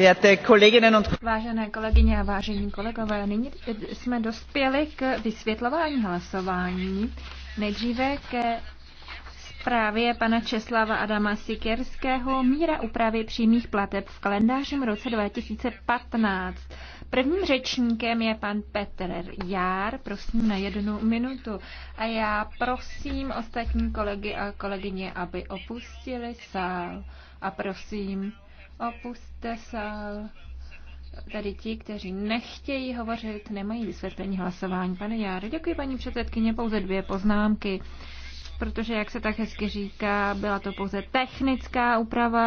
No- Vážené kolegyně a vážení kolegové, nyní jsme dospěli k vysvětlování hlasování. Nejdříve ke zprávě pana Česlava Adama Sikerského míra úpravy přímých plateb v kalendářním roce 2015. Prvním řečníkem je pan Petr Jár, prosím na jednu minutu. A já prosím ostatní kolegy a kolegyně, aby opustili sál. A prosím Opuste sál. Tady ti, kteří nechtějí hovořit, nemají vysvětlení hlasování. Pane Járy, děkuji paní předsedkyně, pouze dvě poznámky, protože, jak se tak hezky říká, byla to pouze technická úprava.